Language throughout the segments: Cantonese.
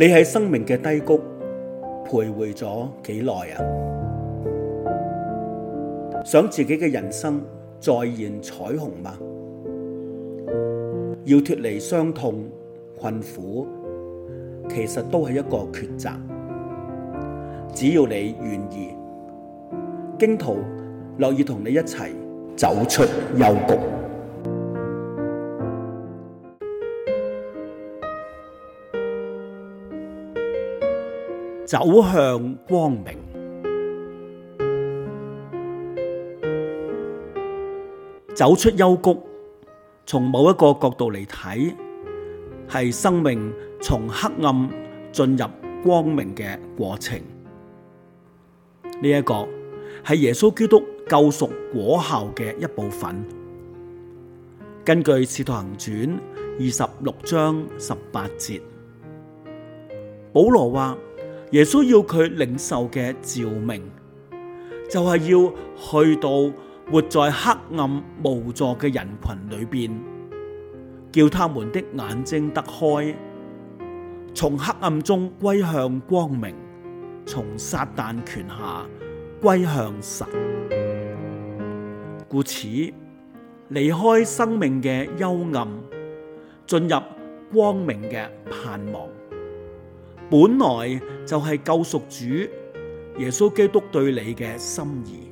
你喺生命嘅低谷徘徊咗幾耐啊？想自己嘅人生再現彩虹嗎？要脫離傷痛困苦，其實都係一個抉擇。只要你願意，荊徒樂意同你一齊走出幽谷。走向光明，走出幽谷。從某一個角度嚟睇，係生命從黑暗進入光明嘅過程。呢一個係耶穌基督救贖果效嘅一部分。根據《使徒行傳》二十六章十八節，保羅話。耶穌要佢領受嘅召命，就係、是、要去到活在黑暗無助嘅人群裏邊，叫他們的眼睛得開，從黑暗中歸向光明，從撒但權下歸向神。故此，離開生命嘅幽暗，進入光明嘅盼望。本來就係救贖主耶穌基督對你嘅心意，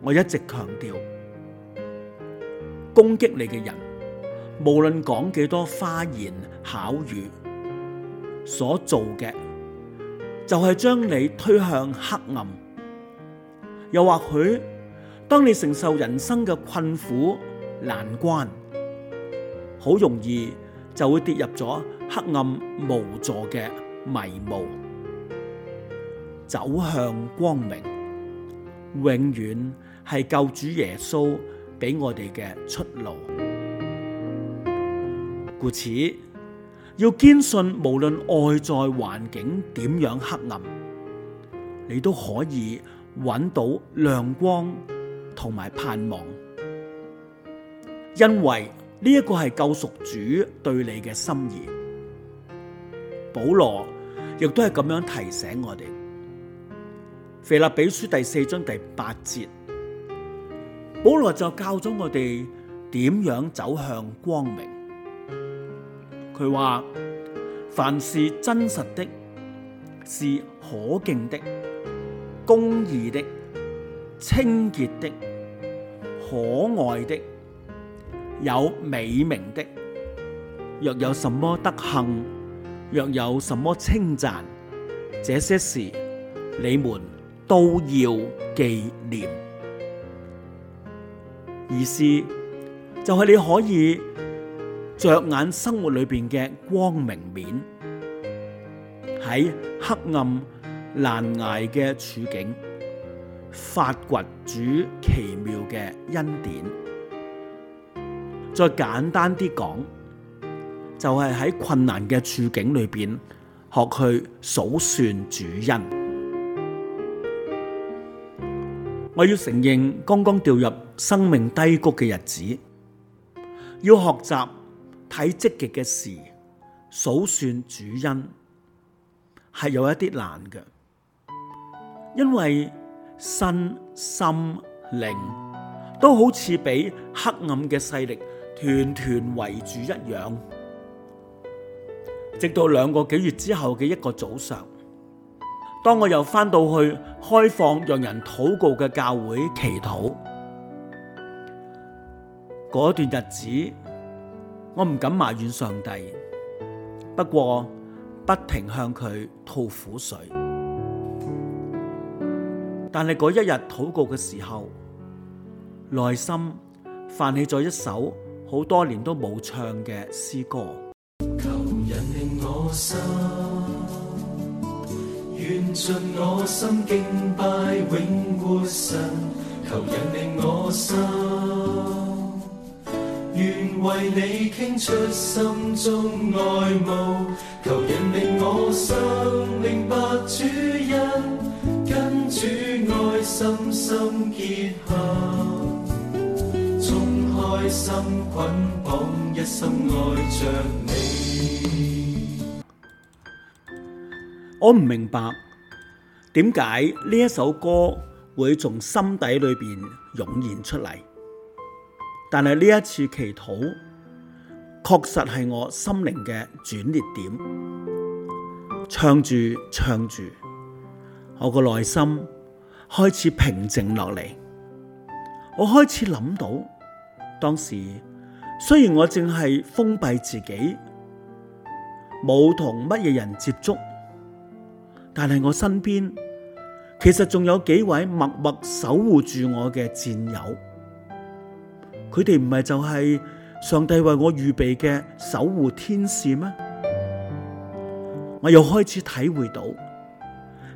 我一直強調，攻擊你嘅人，無論講幾多花言巧語，所做嘅就係將你推向黑暗，又或許當你承受人生嘅困苦難關，好容易就會跌入咗。黑暗無助嘅迷霧，走向光明，永遠係救主耶穌俾我哋嘅出路。故此要堅信，無論外在環境點樣黑暗，你都可以搵到亮光同埋盼望，因為呢一個係救贖主對你嘅心意。保羅亦都係咁樣提醒我哋，《腓立比書》第四章第八節，保羅就教咗我哋點樣走向光明。佢話：凡是真實的，是可敬的，公義的，清潔的，可愛的，有美名的，若有什麼德行。若有什麼稱讚，這些事你們都要紀念；而是就係你可以着眼生活裏面嘅光明面，喺黑暗難挨嘅處境，發掘主奇妙嘅恩典。再簡單啲講。就係喺困難嘅處境裏邊學去數算主恩。我要承認，剛剛掉入生命低谷嘅日子，要學習睇積極嘅事，數算主恩係有一啲難嘅，因為身心靈都好似俾黑暗嘅勢力團團團圍住一樣。直到兩個幾月之後嘅一個早上，當我又返到去開放讓人禱告嘅教會祈禱，嗰段日子，我唔敢埋怨上帝，不過不停向佢吐苦水。但係嗰一日禱告嘅時候，內心泛起咗一首好多年都冇唱嘅詩歌。心願盡我心，盡我心敬拜永活神，求引領我心願為你傾出心中愛慕，求引領我心明白主恩，跟主愛心心結合，衝開心捆綁，一生愛着你。我唔明白點解呢一首歌會從心底裏邊湧現出嚟，但係呢一次祈禱確實係我心靈嘅轉捩點。唱住唱住，我個內心開始平靜落嚟。我開始諗到，當時雖然我淨係封閉自己，冇同乜嘢人接觸。但係我身邊，其實仲有幾位默默守護住我嘅戰友，佢哋唔係就係上帝為我預備嘅守護天使咩？我又開始體會到，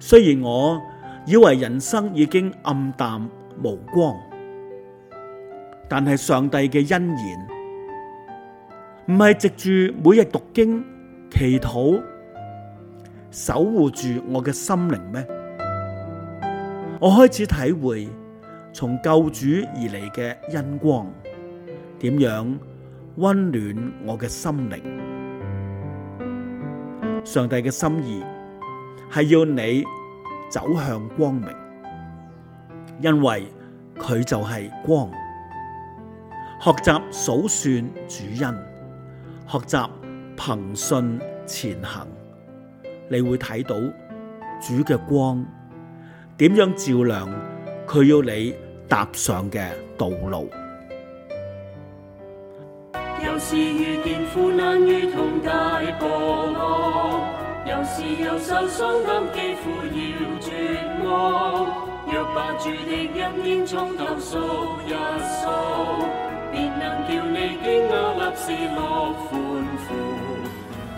雖然我以為人生已經暗淡無光，但係上帝嘅恩言，唔係藉住每日讀經祈禱。守護住我嘅心靈咩？我開始體會從救主而嚟嘅恩光，點樣温暖我嘅心靈？上帝嘅心意係要你走向光明，因為佢就係光。學習數算主恩，學習憑信前行。你會睇到主嘅光點樣照亮佢要你踏上嘅道路。有時遇見